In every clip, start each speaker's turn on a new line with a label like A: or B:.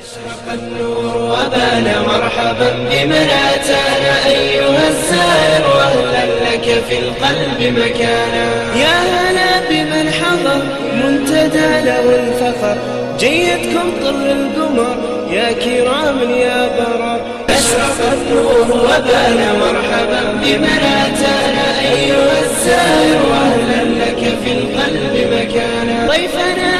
A: أشرق النور وبان مرحبا بمن أتانا أيها الزائر وأهلا لك في القلب مكانا يا هلا بمن حضر منتدى له الفخر جيدكم طر القمر يا كرام يا برا أشرق النور وبان مرحبا بمن أتانا أيها الزائر وأهلا لك في القلب مكانا ضيفنا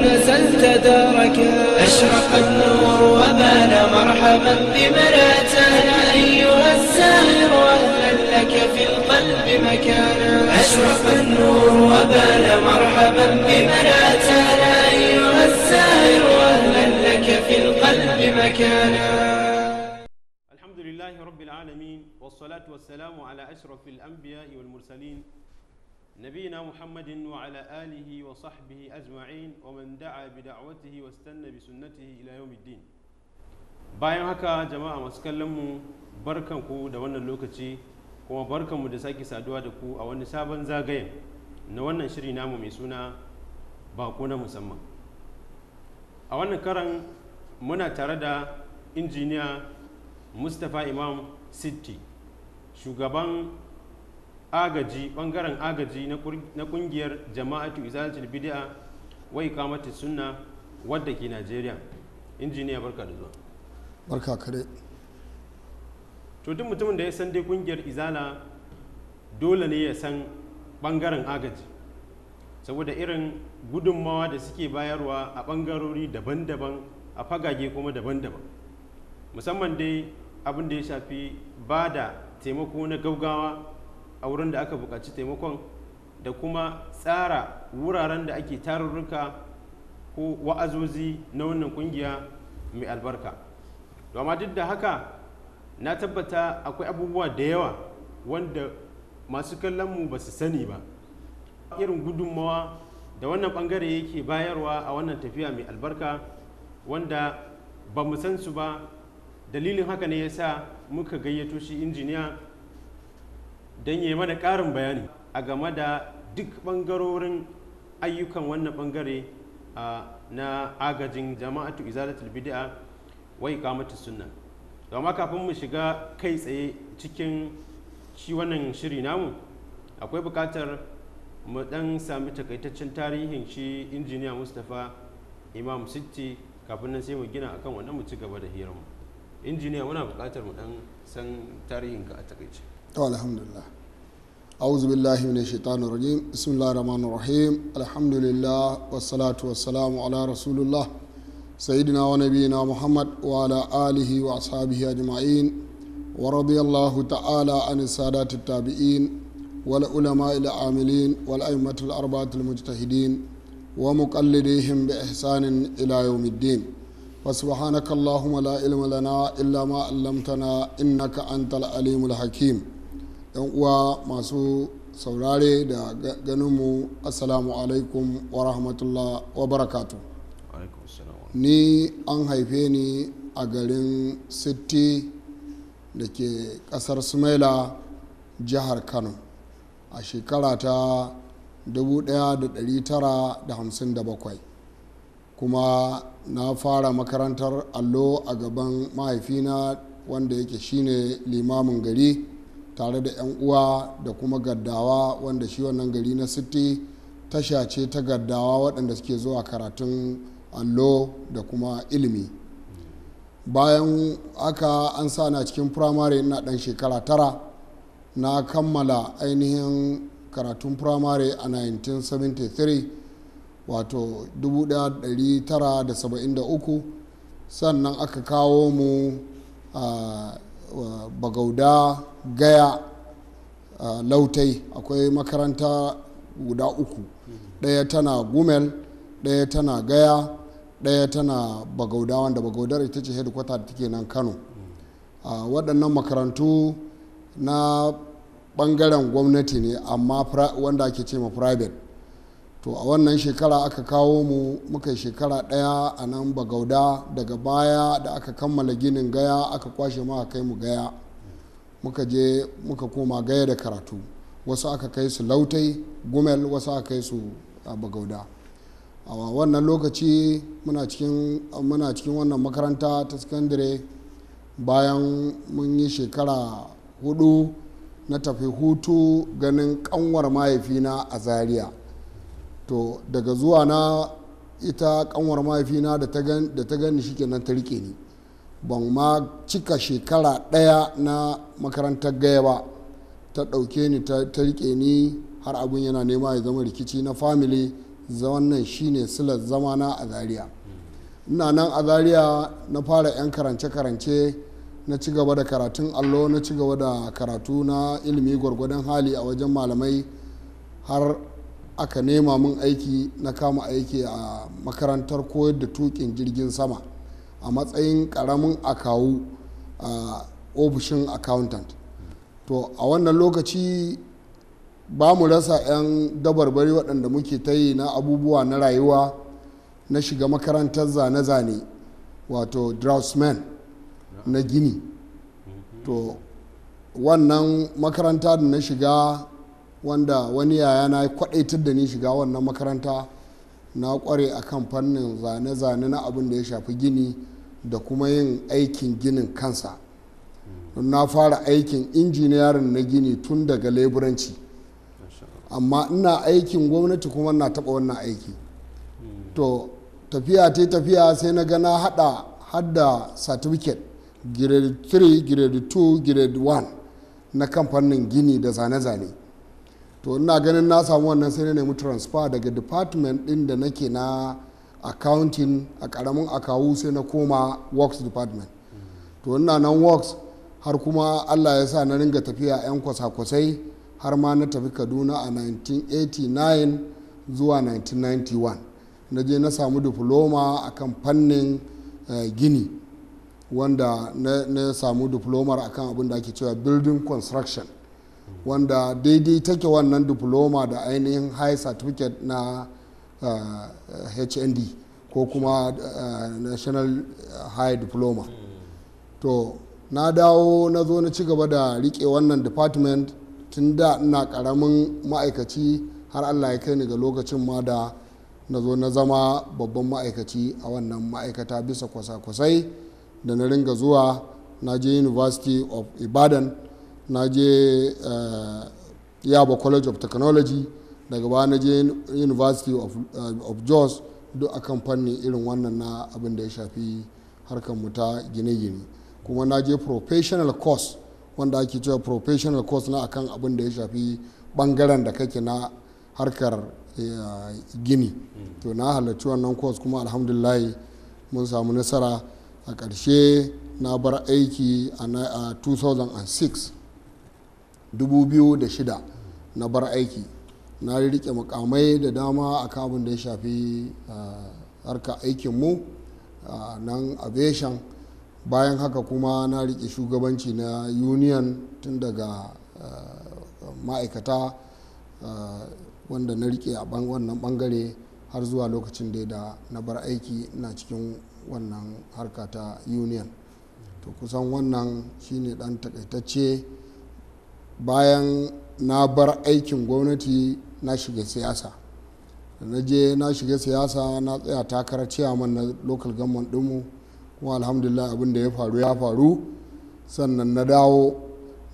A: نزلت دارك
B: أشرق النور وبان مرحبا بمن
A: أتانا أيها الساهر أهلا لك في القلب مكانا أشرق النور وبان مرحبا بمن أتانا أيها الساهر أهلا لك في القلب مكانا الحمد لله رب العالمين والصلاة والسلام على أشرف الأنبياء والمرسلين نبينا محمد وعلى آله وصحبه أجمعين ومن دعا بدعوته واستنى بسنته إلى يوم الدين bayan haka jama'a masu kallon mu ku da wannan lokaci kuma barkan mu da sake saduwa da ku a wani sabon zagayen na wannan shiri namu mai suna bako na musamman a wannan karan muna tare da injiniya mustapha imam sitti shugaban agaji bangaren agaji na kungiyar jama'atu izalatul bid'a wai kamata sunna wadda ke Najeriya injiniya barka da zuwa barka kare to duk mutumin da ya san dai kungiyar izala dole ne ya san bangaren agaji saboda irin gudunmawa da suke bayarwa a bangarori daban-daban a fagage kuma daban-daban musamman dai abin da ya shafi ba da taimako na gaugawa a wurin da aka buƙaci taimakon da kuma tsara wuraren da ake tarurruka ko wa'azozi na wannan kungiya mai albarka amma duk da haka na tabbata akwai abubuwa da yawa wanda masu kallonmu ba su sani ba irin gudunmawa da wannan bangare yake bayarwa a wannan tafiya mai albarka wanda ba mu san su ba dalilin haka ne ya sa muka gayyato shi injiniya don yi mana ƙarin bayani a game da duk ɓangarorin ayyukan wannan ɓangare na agajin jama'atu izalatul bid'a wai kamata sunna amma kafin mu shiga kai tsaye cikin shi wannan shiri namu akwai buƙatar mu ɗan sami takaitaccen tarihin shi injiniya mustapha imam sitti kafin nan sai mu gina akan wannan mu ci gaba da hirar mu injiniya muna buƙatar mu ɗan san tarihinka a takaice
B: to alhamdulillah أعوذ بالله من الشيطان الرجيم بسم الله الرحمن الرحيم الحمد لله والصلاة والسلام على رسول الله سيدنا ونبينا محمد وعلى آله وأصحابه أجمعين ورضي الله تعالى عن السادات التابعين والعلماء العاملين والأئمة الأربعة المجتهدين ومقلديهم بإحسان إلى يوم الدين وسبحانك اللهم لا علم لنا إلا ما علمتنا إنك أنت العليم الحكيم yan uwa masu saurare da ganinmu assalamu alaikum wa rahmatullah wa barakatu ni an haife ni a garin sitti da ke kasar sumaila jihar kano a shekara ta 1957 kuma na fara makarantar allo a gaban mahaifina wanda yake shine limamin gari tare da 'yan uwa da kuma gaddawa wanda shi wannan gari na city tasha ce ta gaddawa waɗanda suke zuwa karatun allo da kuma ilimi bayan aka an sa na cikin firamare ina ɗan shekara tara na kammala ainihin karatun firamare a 1973 wato 1973 sannan aka kawo mu a ah, bagauda gaya lautai akwai makaranta guda uku ɗaya tana gumel ɗaya tana gaya ɗaya tana bagauda wanda bagaudar ita ce headquarter da take nan kano waɗannan makarantu na ɓangaren gwamnati ne amma wanda ake ce ma private to a wannan shekara aka kawo mu muka shekara ɗaya a nan bagauda daga baya da aka kammala ginin gaya aka kwashe ma kai mu gaya muka je muka koma gaya da karatu wasu aka kai su lautai gumel wasu aka kai su a bagauda a wannan lokaci muna cikin wannan makaranta ta sakandare bayan mun yi shekara hudu na tafi hutu ganin kanwar mahaifina a zaria to daga zuwa na ita kanwar mahaifina da ta gani shi kenan ta rike ni ban ma cika shekara ɗaya na makarantar gaya ba ta ɗauke ni ta rike ni har abin yana nema ya zama rikici na family wannan shine silar zamana a zaria ina nan a zariya na fara 'yan karance-karance na ci gaba da karatun allo na ci gaba da karatu na ilimi gwargwadon hali a wajen malamai har aka nema min aiki na kama aiki a makarantar koyar da tukin jirgin sama a matsayin karamin akawu a ofishin accountant to a wannan lokaci ba mu rasa 'yan dabarbari waɗanda muke ta yi na abubuwa na rayuwa na shiga makarantar zane-zane wato draftsman na gini to wannan makaranta da na shiga wanda wani yaya na kwadaitar da ni shiga wannan makaranta na kware a kan fannin zane-zane na abin da ya shafi gini da kuma yin aikin ginin kansa hmm. na fara aikin injiniyarin na gini tun daga leburanci amma ina aikin gwamnati kuma na taba wannan aiki hmm. to tafiya ta tafiya sai na gana hada hada certificate grade 3 grade 2 grade 1 na kamfanin gini da zane-zane to ina ganin na samu wannan sai na nemi transfer daga department din da nake na accounting a karamin akawu sai na koma works department to ina nan works har kuma allah ya sa na ringa tafiya 'yan kwasa-kwasai har ma na tafi kaduna a 1989 zuwa 1991 na je na samu diploma a akan fannin eh, gini wanda na samu diplomar akan abin da ake cewa building construction wanda daidai take wannan diploma da ainihin high certificate na uh, hnd uh, ko kuma uh, national uh, high diploma to na dawo na zo na ci gaba da rike wannan department tun da ina karamin ma'aikaci har allah ya kai ni ga lokacin ma da na zo na zama babban ma'aikaci a wannan ma'aikata bisa kwasa-kwasai da na ringa zuwa na je university of ibadan na je eh, yaba college of technology daga ba na je university of, uh, of jos duk akan fanni irin wannan na abin da ya shafi harkar ta gine-gine kuma na je professional course wanda ake cewa professional course na akan abin da ya shafi bangaren da kake na harkar eh, gini to na halarci wannan course kuma alhamdulahi mun samu nasara a ƙarshe na bar aiki a 2006 2006 na bar aiki na riƙe mukamai da dama a kamun da ya shafi ah, harka aikinmu ah, nan a bayan haka kuma na riƙe shugabanci na union tun daga ah, ma'aikata wanda na riƙe a wannan bangare har zuwa lokacin da da na bar aiki na cikin wannan harka ta union to kusan wannan shine dan takaitacce bayan na bar aikin gwamnati na shiga siyasa na je na shiga siyasa na tsaya takarar ciyaman na local government dinmu kuma alhamdulillah abin da ya faru ya faru sannan na dawo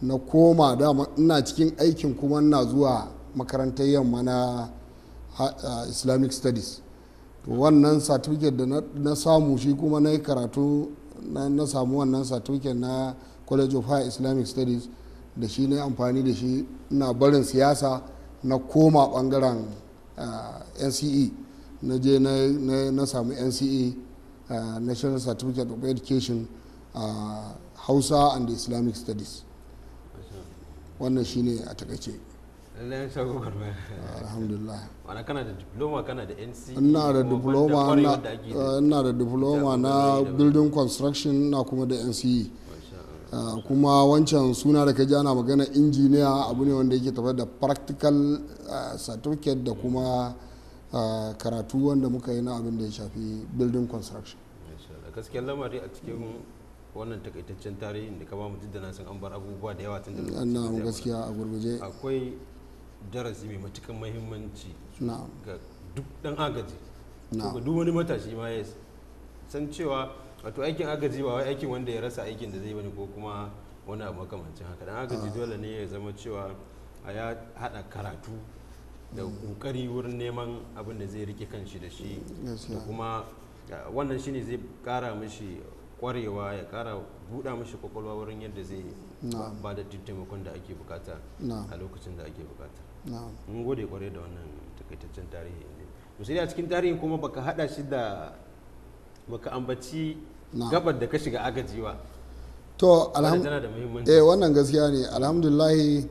B: na koma dama ina cikin aikin kuma na zuwa makarantar yamma na islamic studies to wannan certificate da na samu shi kuma na yi karatu na samu wannan certificate na college of high islamic studies da shi na amfani da shi na barin siyasa na koma bangaren eh, nce na je na samu nce eh, national certificate of education a eh, hausa and islamic studies wannan shi ne a takaice
A: alhamdulillah kana da diploma kana da NCE. ina da diploma ina
B: da diploma na building construction na kuma da nce Ah, kuma wancan suna da kaji ana magana injiniya abu ne wanda yake tafiya da practical ah, certificate da kuma ah, karatu wanda muka yi na abin da ya shafi building construction
A: gaskiyar lamari a cikin wannan takaitaccen tarihin da ka mutum da na san an bar abubuwa da yawa tun da na
B: gaskiya a gurguje
A: akwai darasi mai matukan mahimmanci ga duk dan agaji ga duk wani matashi ma ya san cewa wato aikin agaji ba aikin wanda ya rasa aikin da zai bane ko kuma wani abu makamancin haka dan agaji dole ne ya zama cewa a ya hada karatu da kokari wurin neman abin da zai rike kanshi da shi da kuma wannan shine zai kara mishi kwarewa ya kara buɗa mishi kwakwalwa wurin yadda zai ba da taimakon da ake bukata a lokacin da ake bukata mun gode kwarai da wannan takaitaccen tarihi ne a cikin tarihi kuma baka hada shi da baka ambaci gabar da ka shiga agaji ba to eh
B: wannan gaskiya ne alhamdulillahi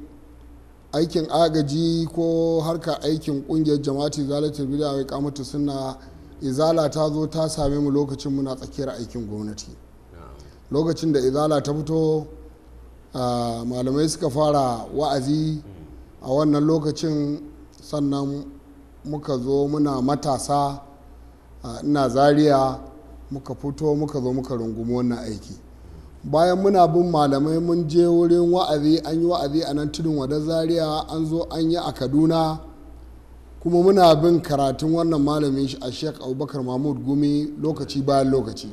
B: aikin agaji ko harka aikin kungiyar jama'ati zalatul bid'a wa iqamatu sunna izala ta zo ta same mu lokacin muna tsakiyar aikin gwamnati lokacin da izala ta fito malamai suka fara wa'azi hmm. a wannan lokacin sannan muka zo muna matasa ina zaria muka fito muka zo muka rungumi wannan aiki bayan muna bin malamai mun je wurin wa'azi an yi wa'azi a nan tudun wadar Zariya an zo an yi a kaduna kuma muna bin karatun wannan malamai shi a sheik abubakar mahmud gumi lokaci bayan lokaci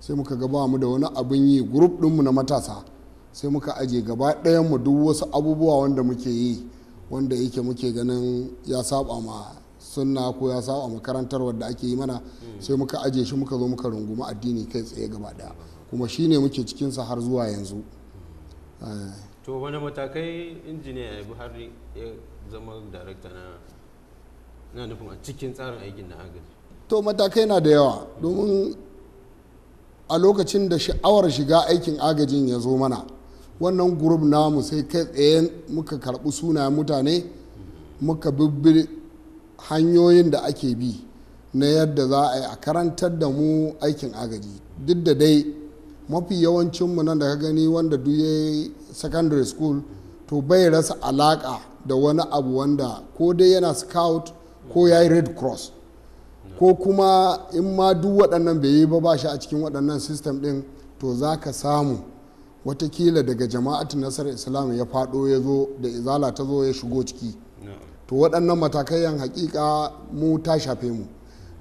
B: sai muka gaba mu da wani abin yi grup dinmu na matasa sai muka aje gaba ɗayan mu duk wasu abubuwa wanda muke yi wanda yake muke ganin ya saba ma sunna ko ya sawa a makarantar wadda ake yi mana hmm. sai muka aje shi muka zo muka runguma addini kai tsaye gaba daya kuma shine muke cikinsa har zuwa yanzu eh.
A: to wani matakai injiniya ya buhari ya zama darakta na nufin a cikin tsarin aikin na agaji
B: to matakai na da yawa domin a lokacin da sha'awar shiga aikin agajin ya zo mana wannan gurub namu sai kai tsaye muka karɓi sunayen mutane muka bibbi hanyoyin da ake bi na yadda za a yi a karantar da mu aikin agaji duk da dai mafi yawancinmu nan da ka gani wanda duye secondary school to bai rasa alaka da wani abu wanda ko dai yana scout ko ya yi red cross ko kuma in ma duk waɗannan bai yi ba ba shi a cikin waɗannan system ɗin to za ka samu watakila daga jama'atin nasarar islam ya faɗo ya zo da izala ta zo ya shigo ciki to waɗannan yan hakika mu ta shafe mu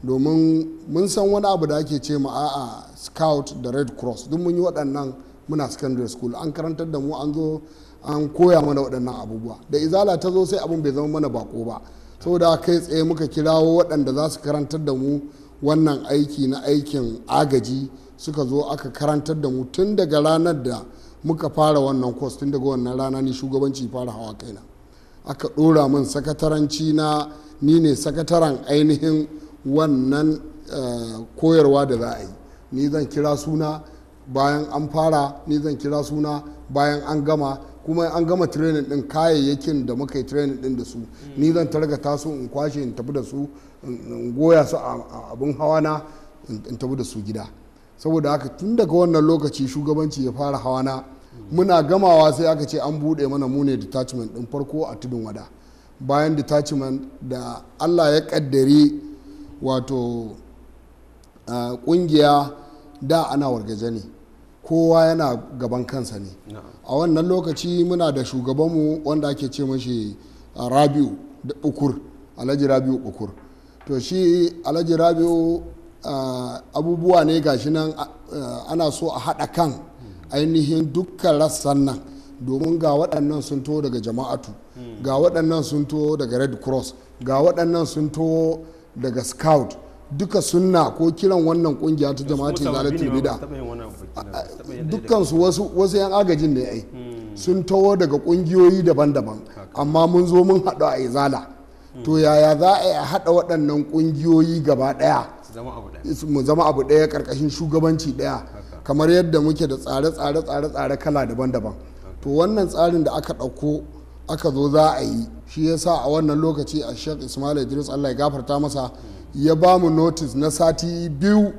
B: domin mun san wani abu da ake ce ma a'a scout da red cross duk mun yi waɗannan muna secondary school an karantar da mu an zo an koya mana waɗannan abubuwa da izala ta zo sai abin bai zama mana bako ba saboda kai tsaye muka kirawo waɗanda za su karantar da mu wannan aiki na aikin agaji suka zo aka karantar da mu tun daga ranar da muka fara wannan kwas tun daga wannan rana ne shugabanci fara hawa kaina aka ɗora min sakataranci na ni ne sakataren ainihin wannan eh, koyarwa da za a yi ni zan kira suna bayan an fara ni zan kira suna bayan an gama kuma an gama training din kayayyakin da muka yi training din da su ni zan targata su in kwashe in tafi da su in goya su a abin hawana in tafi da su gida saboda haka tun daga wannan lokaci shugabanci ya fara hawana muna gamawa sai aka ce an buɗe mana mune detachment ɗin farko a tudun wada bayan detachment da allah ya kaddari wato ƙungiya da ana wargaje ne kowa yana gaban kansa ne a wannan lokaci muna da shugabanmu wanda ake ce mashi rabiu da ukur alhaji rabiu ukur to shi alhaji rabiu abubuwa ne gashi nan ana so a haɗa kan ainihin dukkan rassan nan domin ga waɗannan sun to daga jama'atu ga waɗannan sun to daga red cross ga waɗannan sun to daga scout duka sunna ko kiran wannan kungiya ta jama'atu izalatul bida dukkan su wasu wasu yan agajin ne ai hmm. sun tawo daga kungiyoyi daban-daban amma mun zo mun haɗu a izala hmm. to yaya za a yi haɗa waɗannan kungiyoyi gaba ɗaya mu zama abu ɗaya ƙarƙashin shugabanci ɗaya kamar yadda muke da tsare-tsare tsare-tsare kala daban-daban to wannan tsarin da aka ɗauko aka zo za a yi shi ya sa a wannan lokaci a shek ismail idris allah ya gafarta masa ya ba mu notice na sati biyu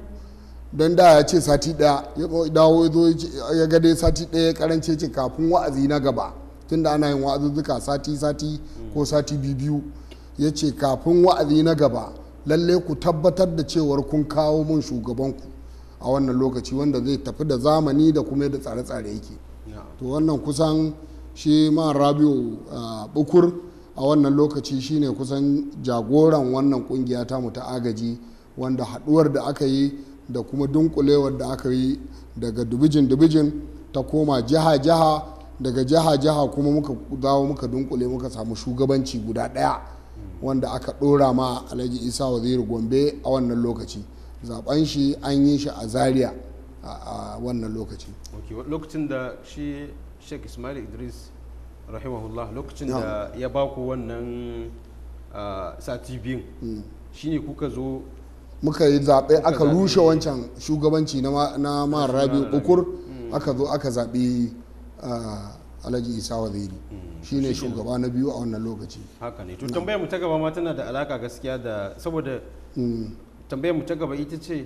B: don da ya ce sati ɗaya ya dawo ya gade sati ɗaya ya karance ce kafin wa'azi na gaba tun da ana yin wa'azuzzuka sati sati ko sati biyu ya ce kafin wa'azi na gaba lalle ku tabbatar da cewar kun kawo mun shugabanku a wannan lokaci wanda zai tafi da zamani da kuma da tsare-tsare yake to wannan kusan shi ma rabiu bukur a wannan lokaci shine kusan jagoran wannan kungiya mu ta agaji wanda haduwar da aka yi da kuma dunkulewar da aka yi daga dubijin-dubijin ta koma jiha-jiha daga jiha-jiha kuma muka dawo muka dunkule muka samu shugabanci guda daya hmm. wanda aka dora ma alhaji isa waziri gombe a wannan lokaci zaben shi an yi shi a zaria a wannan lokacin
A: lokacin da shi sheikh ismail idris rahimahullah lokacin da ya baku wannan sati biyun hmm. shine kuka zo
B: muka yi zaɓe aka rushe wancan shugabanci na mara rabi Ukur. Hmm. aka zo aka zaɓi alhaji isa waziri hmm. ne shugaba na biyu a wannan lokaci
A: haka ne to tambaya mu ta gaba ma tana da alaka gaskiya da saboda tambayar mu ta gaba ita ce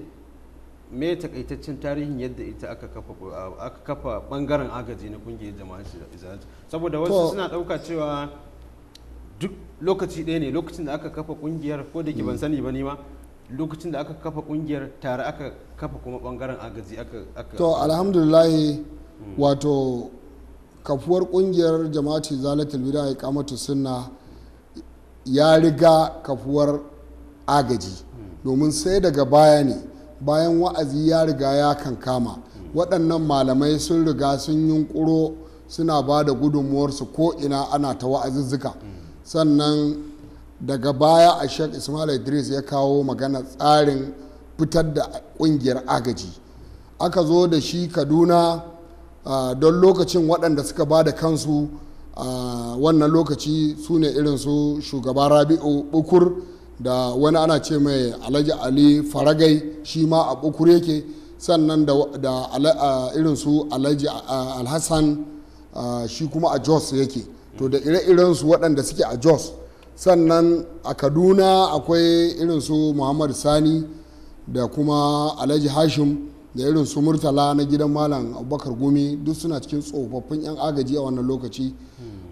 A: me takaitaccen tarihin yadda ita aka kafa aka kafa bangaren agaji na kungiyar jama'ar izalaci saboda wasu suna dauka cewa duk lokaci ɗaya ne lokacin da aka kafa kungiyar ko da ke ban mm. sani ba ni ma lokacin da aka kafa kungiyar tare aka kafa kuma bangaren agaji aka to alhamdulillah
B: mm. wato kafuwar kungiyar jama'ati zalatul bid'a iqamatu sunna ya riga kafuwar agaji domin sai daga baya ne bayan wa'azi ya riga ya kankama waɗannan malamai sun riga sun yunkuro suna ba da gudunmuwarsu ko ina ana ta wa'azuzzuka sannan daga baya a shek ismail idris ya kawo magana tsarin fitar da ƙungiyar agaji aka zo da shi kaduna don lokacin waɗanda suka ba da kansu wannan lokaci su ne irin su shugaba rabi'u bukur da wani ana ce mai alhaji ali faragai shi ma a bukure yake sannan da irin su alhaji alhassan shi kuma a jos yake to da ire-iren su waɗanda suke a jos sannan a kaduna akwai irin su muhammad sani da kuma alhaji hashim da irin su murtala na gidan malam abubakar gumi duk suna cikin tsofaffin 'yan agaji a wannan lokaci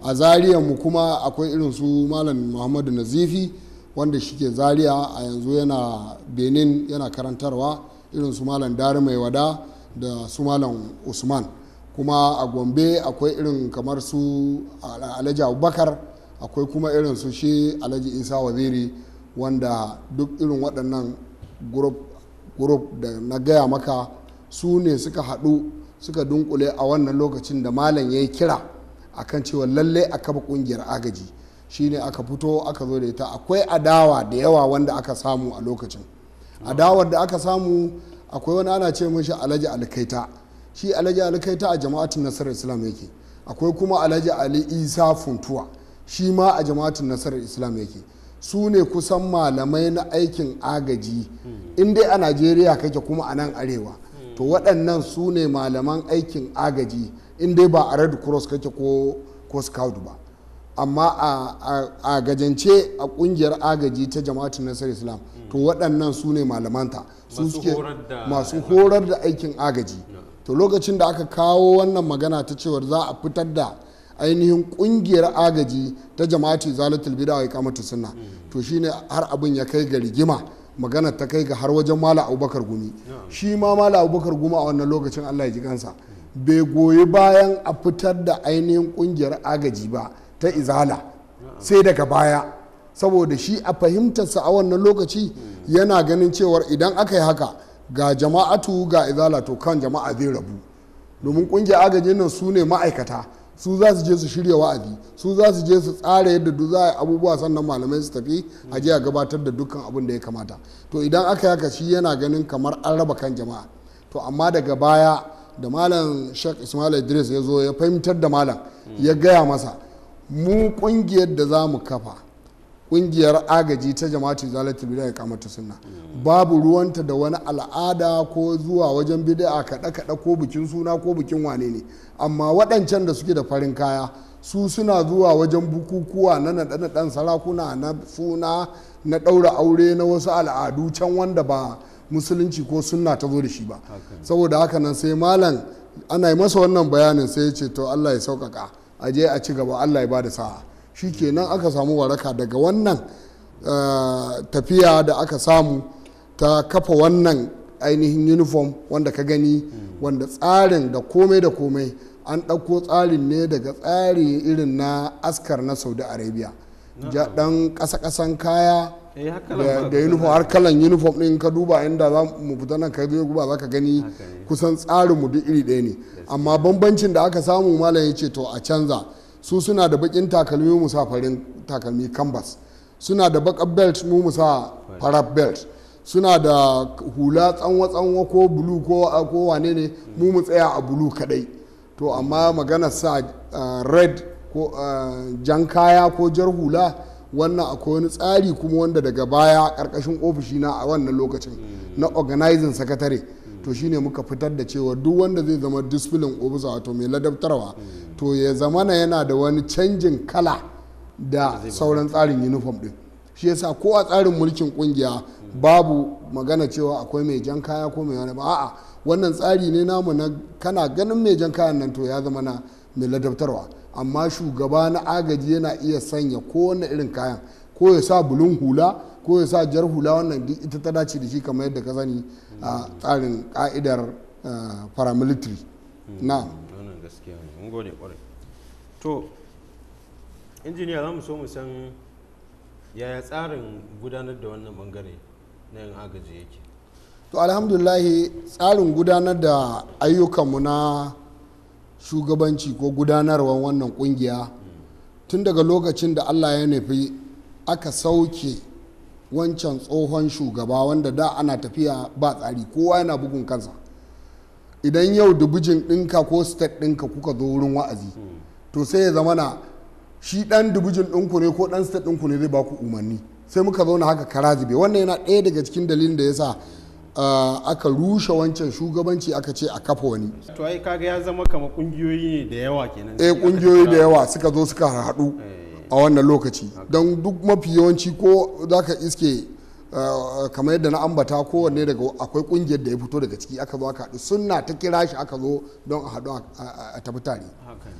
B: a mu kuma akwai irin su malam muhammadu nazifi wanda shike zaria a yanzu yana benin yana karantarwa irin su malam dari mai wada da su malam usman kuma a gombe akwai irin kamar su alhaji abubakar akwai kuma irin su shi alhaji isa waziri wanda duk irin waɗannan group da na gaya maka su ne suka haɗu suka dunkule a wannan lokacin da malam ya yi kira akan cewa lallai a kafa ƙungiyar agaji shine aka fito aka zo da ita akwai adawa da yawa wanda aka samu a lokacin adawar da aka samu akwai wani ana ce mashi alhaji alkaita shi alhaji alkaita a jama'atin nasarar islam yake akwai kuma alhaji ali isa funtuwa shi ma a jama'atin nasarar islam yake su ne kusan malamai na aikin agaji in dai a najeriya kake kuma a nan arewa to waɗannan su ne malaman aikin agaji in dai ba a red cross kake ko scout ba amma a gajance a kungiyar agaji ta jama'atu nasar islam to waɗannan su ne malamanta su suke masu horar da aikin agaji to lokacin da aka kawo wannan magana ta cewar za a fitar da ainihin kungiyar agaji ta jama'atu zalatul bid'a wa ikamatu sunna mm. to shine har abin ya kai ga rigima magana ta kai ga har wajen mala abubakar gumi shi ma mala abubakar gumi a wannan lokacin allah ya ji kansa bai goyi bayan a fitar da ainihin kungiyar agaji ba ta izala sai daga baya saboda shi a fahimtarsa a wannan lokaci yana ganin cewar idan aka yi haka ga jama'atu ga izala to kan jama'a zai rabu domin kungiyar agajin nan su ne ma'aikata su za su je su shirya wa'azi su za su je su tsara yadda duk za a abubuwa sannan malamai su tafi a je a gabatar da dukkan abin da ya kamata to idan aka yaka shi yana ganin kamar an raba kan jama'a to amma daga baya da malam shak ismail idris ya zo ya fahimtar da malam ya gaya masa mu kungiyar da za mu kafa kungiyar agaji ta jama'atu zalatul bid'a ya kamata sunna babu ruwanta da wani al'ada ko zuwa wajen bid'a kaɗe kaɗe ko bikin suna ko bikin wane ne amma waɗancan da suke da farin kaya su suna zuwa wajen bukukuwa na naɗe sarakuna na suna na ɗaura aure na wasu al'adu can wanda ba musulunci ko sunna ta zo da shi ba saboda haka nan sai malam ana yi masa wannan bayanin sai ya ce to allah ya sauƙaƙa a je a ci gaba allah ya bada sa'a shi kenan aka samu waraka daga wannan eh, tafiya da aka samu ta kafa wannan ainihin uniform wanda ka gani wanda tsarin da komai da komai an ɗauko tsarin ne daga tsari irin na askar na saudi arabia ɗan ƙasa-ƙasan kaya
A: Eh, da uniform
B: har kalan uniform din ka duba inda za mu fita nan ka zai guba za ka gani kusan tsarin mu duk iri ɗaya ne amma bambancin da aka samu malam ce to a canza su suna da bakin takalmi mu sa farin takalmi canvas suna da bakar belt mu mu sa farar belt suna da hula tsanwa tsanwa ko bulu ko wane ne mu mu tsaya a bulu kadai to amma magana sa ah, red ko ah, jan kaya ko jar hula wannan akwai wani tsari kuma wanda daga baya karkashin ofishi na a wannan lokacin na organizing sakatare to shine muka fitar da cewa duk wanda zai zama discipline officer wato mai ladabtarwa to ya na yana da wani canjin kala da sauran tsarin uniform din shi yasa ko a tsarin mulkin kungiya babu magana cewa akwai mai jan kaya ko mai wani ba a'a wannan tsari ne namu na kana ganin mai jan kayan nan to ya zama na mai ladabtarwa amma shugaba na agaji yana iya sanya kowane irin kayan ko ya sa bulun hula ko ya sa jar hula wannan duk ita ta dace da shi kamar yadda ka sani a tsarin ka'idar paramilitary hmm, na
A: wannan gaskiya ne mun gode kwarai to injiniya za mu so mu san yaya tsarin gudanar da wannan bangare na yin agaji yake
B: to alhamdulahi tsarin gudanar da ayyukanmu na shugabanci ko gudanarwar wannan kungiya tun daga lokacin da allah ya nufi aka sauke wancan tsohon shugaba wanda da ana tafiya ba tsari kowa yana bugun kansa idan yau dubujin ɗinka ko state ɗinka kuka zo wurin wa'azi to sai ya zama na shi ɗan dubujin ɗinku ne ko ɗan state ɗinku ne zai baku umarni sai muka zauna haka karazibe wannan yana ɗaya daga cikin dalilin da ya sa aka rushe wancan shugabanci aka ce a kafa wani
A: to ai kaga ya zama kama kungiyoyi ne da yawa kenan eh kungiyoyi da yawa
B: suka zo suka haɗu a wannan lokaci eh. don duk mafi yawanci ko zaka iske kamar yadda na ambata kowanne daga akwai kungiyar da ya fito daga ciki aka zo aka haɗu sunna ta kira shi aka zo don a haɗu a tafi tare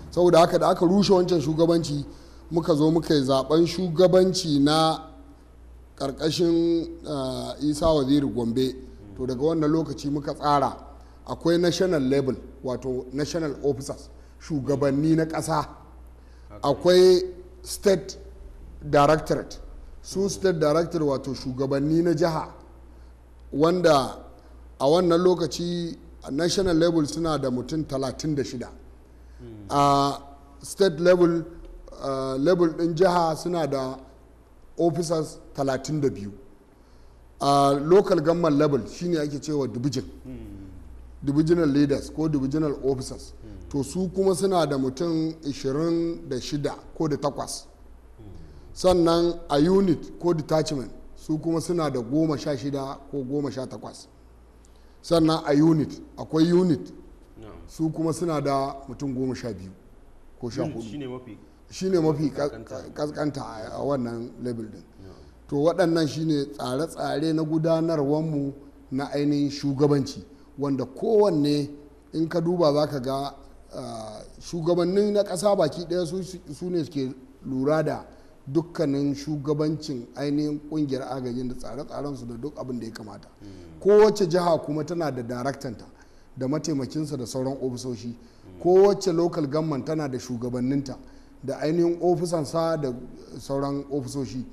B: saboda haka da aka rushe wancan shugabanci muka zo muka yi zaben shugabanci na ƙarƙashin isa waziri gombe to daga wannan lokaci muka tsara akwai national level wato national officers shugabanni na ƙasa akwai state directorate su state director wato shugabanni na jiha wanda a wannan lokaci national level suna da mutum 36 hmm. a state level uh, level din jiha suna da officers 32 a local government level shine ake cewa division divisional leaders ko divisional officers to su kuma suna da mutum 26 ko da takwas sannan a unit ko detachment su kuma suna da goma sha shida ko goma sha takwas sannan a unit akwai unit su kuma suna da mutum goma sha biyu ko sha hudu shine mafi kaskanta a wannan level din to waɗannan shine tsare-tsare na gudanarwar mu na ainihin shugabanci wanda kowanne in ka duba za ka ga ah, shugabannin na ƙasa baki ɗaya su ne suke lura da dukkanin shugabancin ainihin ƙungiyar agajin da tsare-tsarensu da duk abin da ya kamata kowace jiha kuma tana da daraktanta da mataimakinsa da sauran ofisoshi kowace local government tana da shugabanninta da ainihin ofisansa da sauran ofisoshi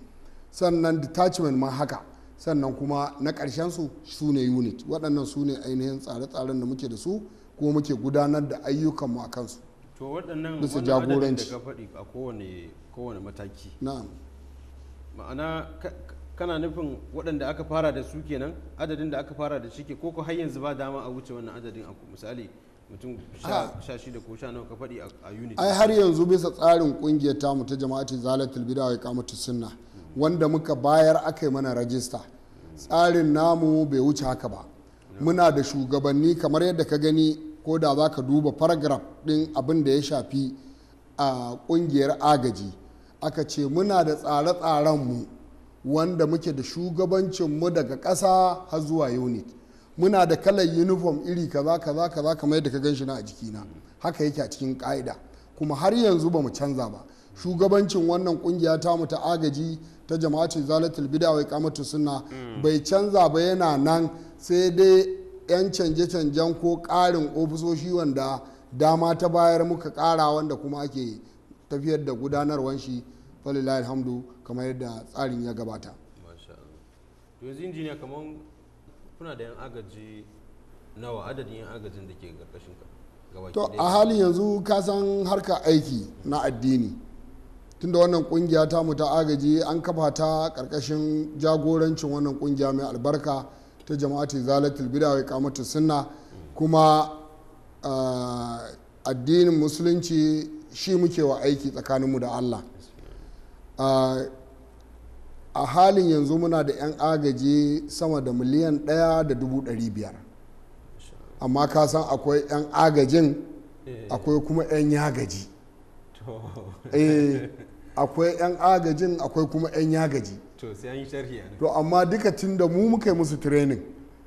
B: sannan detachment ma haka sannan kuma na karshen su su ne unit waɗannan su ne ainihin tsare-tsaren da muke da su ko muke gudanar da ayyukanmu a kansu
A: to waɗannan wani adadin da ka faɗi a kowane mataki na'am ma'ana kana nufin waɗanda aka fara da su kenan adadin da aka fara da shi ke ko har yanzu ba dama a wuce wannan adadin a misali mutum ah. sha shida ko sha nawa ka faɗi a unit ai har
B: yanzu bisa tsarin kungiyar tamu ta jama'atin zalatul bidawa ya iqamatus sunna wanda muka bayar aka yi mana rajista tsarin namu bai wuce haka ba muna da shugabanni kamar yadda ka gani ko da za ka duba faragraf din abin da ya shafi a kungiyar agaji aka ce muna da tsare-tsarenmu wanda muke da shugabancinmu daga ƙasa har zuwa unit muna da kalar uniform iri kaza kaza kaza kamar yadda ka gan shi na a jikina haka yake a cikin ka'ida kuma har yanzu ba mu canza ba shugabancin wannan kungiya ta mu ta agaji ta jama'acin zalatul bid'a wa iqamatu sunna mm. bai canza ba yana nan sai dai yan canje-canjen ko karin ofisoshi wanda dama ta bayar muka kara wanda kuma ake tafiyar da gudanarwan shi falilahi alhamdu kamar yadda tsarin ya gabata
A: yanzu injiniya kamar kuna da yan agaji nawa adadin yan agajin da ke ƙarƙashin ka to a halin yanzu
B: ka san harka aiki na addini tunda wannan kungiya ta mu ta agaji an kafa ta karkashin jagorancin wannan kungiya mai albarka ta jama'ati zalatul bid'a wa sunna kuma addinin musulunci shi muke wa aiki tsakaninmu da Allah a halin yanzu muna da 'yan agaji sama da miliyan 1.500 amma ka san akwai 'yan agajin eh. akwai kuma 'yan yagaji eh akwai 'yan agajin akwai kuma 'yan yagaji to amma duka tun da mu muka yi musu training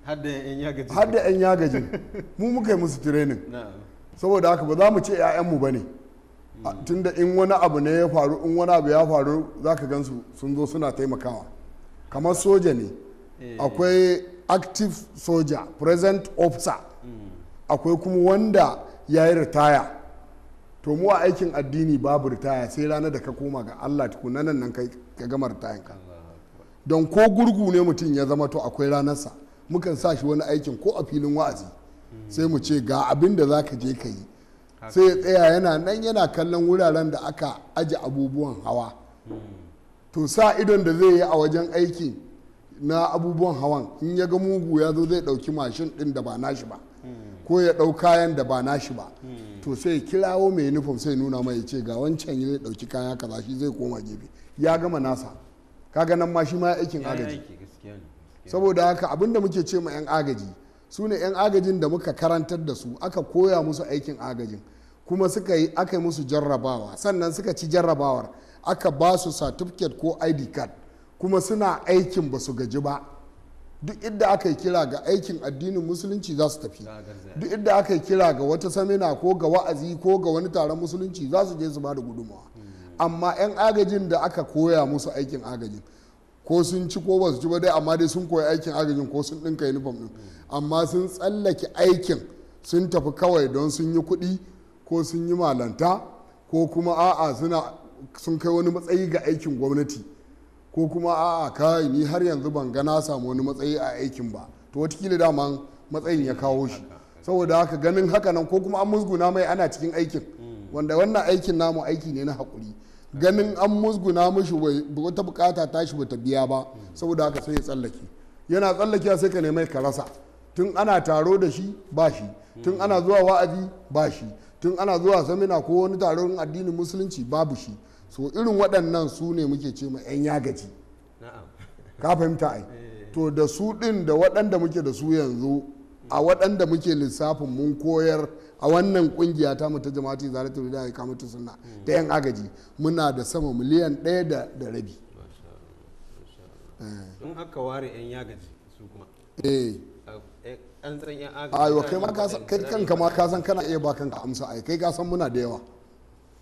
A: da 'yan yagajin
B: mu muka yi musu training saboda haka ba za mu ce 'ya'yanmu ba ne hmm. tun da in wani abu ne ya faru in wani abu ya faru za ka gansu sun zo suna taimakawa kamar soja ne eh. akwai active soja present officer hmm. akwai kuma wanda ya yi ritaya to mu a aikin addini babu ritaya sai ranar da ka koma ga Allah tukuna nan nan kai ka gama ritayan don ko gurgu ne mutum ya zama to akwai ranarsa mukan sa shi wani aikin ko a filin wa'azi sai mu ce ga abin da za ka je ka yi sai ya tsaya yana nan yana kallon wuraren da aka aje abubuwan hawa to sa idon da zai yi a wajen aiki na abubuwan hawan in ya ga mugu ya zo zai ɗauki mashin ɗin da ba nashi ba ko ya ɗau kayan da ba nashi ba to sai kirawo mai uniform sai nuna mai ce ga wancan ya dauki kaya kaza shi zai koma gefe ya gama nasa kaga nan ma shi ma aikin agaji saboda haka abinda muke ce ma yan agaji su ne yan agajin da muka karantar da su aka koya musu aikin agajin kuma suka yi aka yi musu jarrabawa sannan suka ci jarrabawar aka ba su certificate ko id card kuma suna aikin ba su gaji ba duk inda aka yi kira ga aikin addinin musulunci za su tafi duk inda aka yi kira ga wata samina ko ga wa'azi ko ga wani taron musulunci za su je su ba da gudumawa hmm. amma 'yan agajin da aka koya musu aikin agajin ko sun ci ko ba su ci ba dai amma dai sun koyi aikin agajin ko sun ɗinka uniform ɗin hmm. amma sun tsallake aikin sun tafi kawai don sun yi kuɗi ko sun yi malanta ko kuma a'a sun kai wani matsayi ga aikin gwamnati ko kuma a kai ni har yanzu ban ga na samu wani matsayi a aikin ba to watakila daman matsayin ya kawo shi saboda haka ganin haka nan ko kuma an musguna mai ana cikin aikin wanda wannan aikin namu aiki ne na hakuri. ganin an musguna mishi wata bukata tashi bata biya ba saboda haka sai ya tsallake yana tsallake sai ka nemi ka rasa tun ana taro da shi ba shi tun ana zuwa wa'azi ba shi tun ana zuwa samina ko wani taron addinin musulunci babu shi so irin waɗannan su ne muke ce ma 'yan yagaji ka fahimta ai eh. to da su ɗin da waɗanda muke da su yanzu a waɗanda muke lissafin mun koyar a wannan kungiya ta mu ta jama'atu zalatul da ya kamata sunna hmm. ta yan agaji muna da sama miliyan ɗaya da rabi
A: eh. in aka ware yan yagaji su kuma
B: eh, eh
A: an tsan yan agaji ayo kai ma ka san kai kanka ma ka
B: san kana iya ba kanka amsa ai kai ka san muna da yawa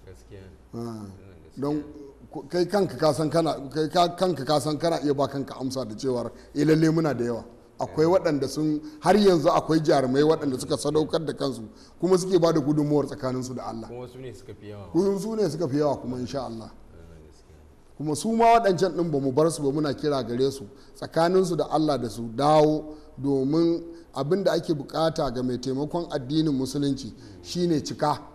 B: gaskiya ah. don kai kanka kasan kana kai kanka kasan kana iya ba kanka amsa da cewar ilalle eh, muna da yawa akwai waɗanda sun har yanzu akwai jarumai waɗanda suka sadaukar da kansu kuma suke ba da gudunmuwar tsakaninsu da Allah
A: kuma su ne suka fi yawa kuma
B: su ne suka fi yawa kuma insha Allah kuma su ma waɗancan ɗin ba mu bar su ba muna kira gare su tsakaninsu da Allah da su dawo domin abin da ake bukata ga mai taimakon addinin musulunci shine cika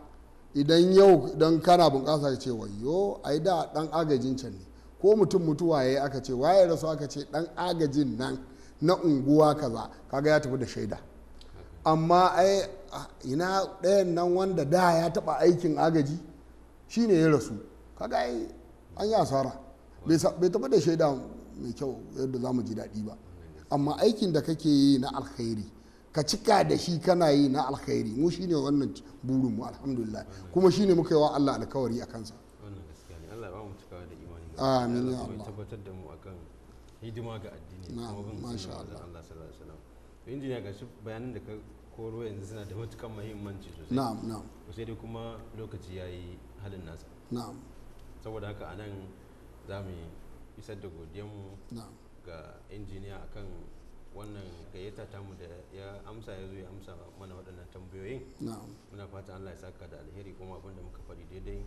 B: idan yau don kana bunƙasa ka ce wayo ai da ɗan agajin can ne ko mutum mutuwa ya yi aka ce waye rasu aka ce dan agajin nan na unguwa kaza kaga ya tafi da shaida amma ai ina ɗayan nan wanda da ya taɓa aikin agaji shine ya rasu kaga ai an yi asara bai taɓa da shaida mai kyau yadda za mu ji daɗi ba amma aikin da kake yi na alkhairi ka cika da shi kana yi na alkhairi mu shi ne wannan burin mu alhamdulillah kuma shine muka yi wa Allah alkawari a kansa
A: wannan gaskiya ne Allah ya ba da imani amin ya Allah tabbatar da mu akan hidima ga addini Na bin masha Allah Allah sallallahu alaihi wasallam injiniya ga shi bayanan da ka koro yanzu suna da matukan muhimmanci sosai na'am na'am sai dai kuma lokaci yayi halin nasa na'am saboda haka anan za mu isar da godiyanmu ga injiniya akan wannan gayyata tamu da ya amsa ya zo ya amsa mana waɗannan tambayoyin muna fata allah ya saka da alheri kuma abin da muka faɗi daidai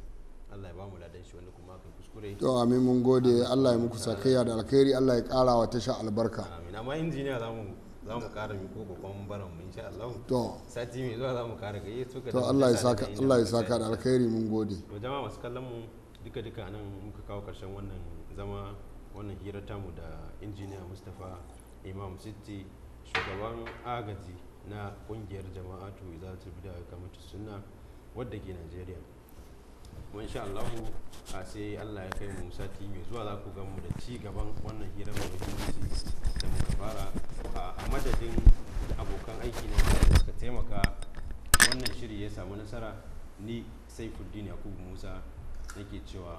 A: Allah ya ba mu ladan shi wanda kuma aka kuskure. To amin mun gode Allah ya muku sakayya
B: da alheri Allah ya ƙara wa tasha albarka. Amin
A: amma injiniya za mu za mu ƙara mi ko babban baran mu insha Allah. To sati mai zuwa za mu ƙara gaye to ka. To Allah ya saka Allah ya saka da alheri mun gode. To jama'a masu kallon mu duka duka nan muka kawo karshen wannan zama wannan hirar tamu da injiniya Mustapha imam sitti shugaban agaji na kungiyar jama'atu izalatul bida ga kamata suna wadda ke najeriya mun sha allahu a sai Allah ya kai mu sati mai zuwa za ku gamu da ci gaban wannan hira mai muhimmanci da muka fara a madadin abokan aiki na da suka taimaka wannan shiri ya samu nasara ni sai saifuddin yakubu musa nake cewa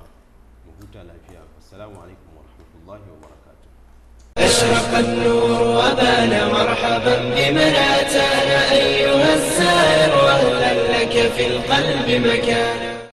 A: mu huta lafiya assalamu alaikum wa rahmatullahi wa barakatuh أشرق النور وبان مرحبا بمن أتانا أيها الزائر وأهلا لك في القلب مكانا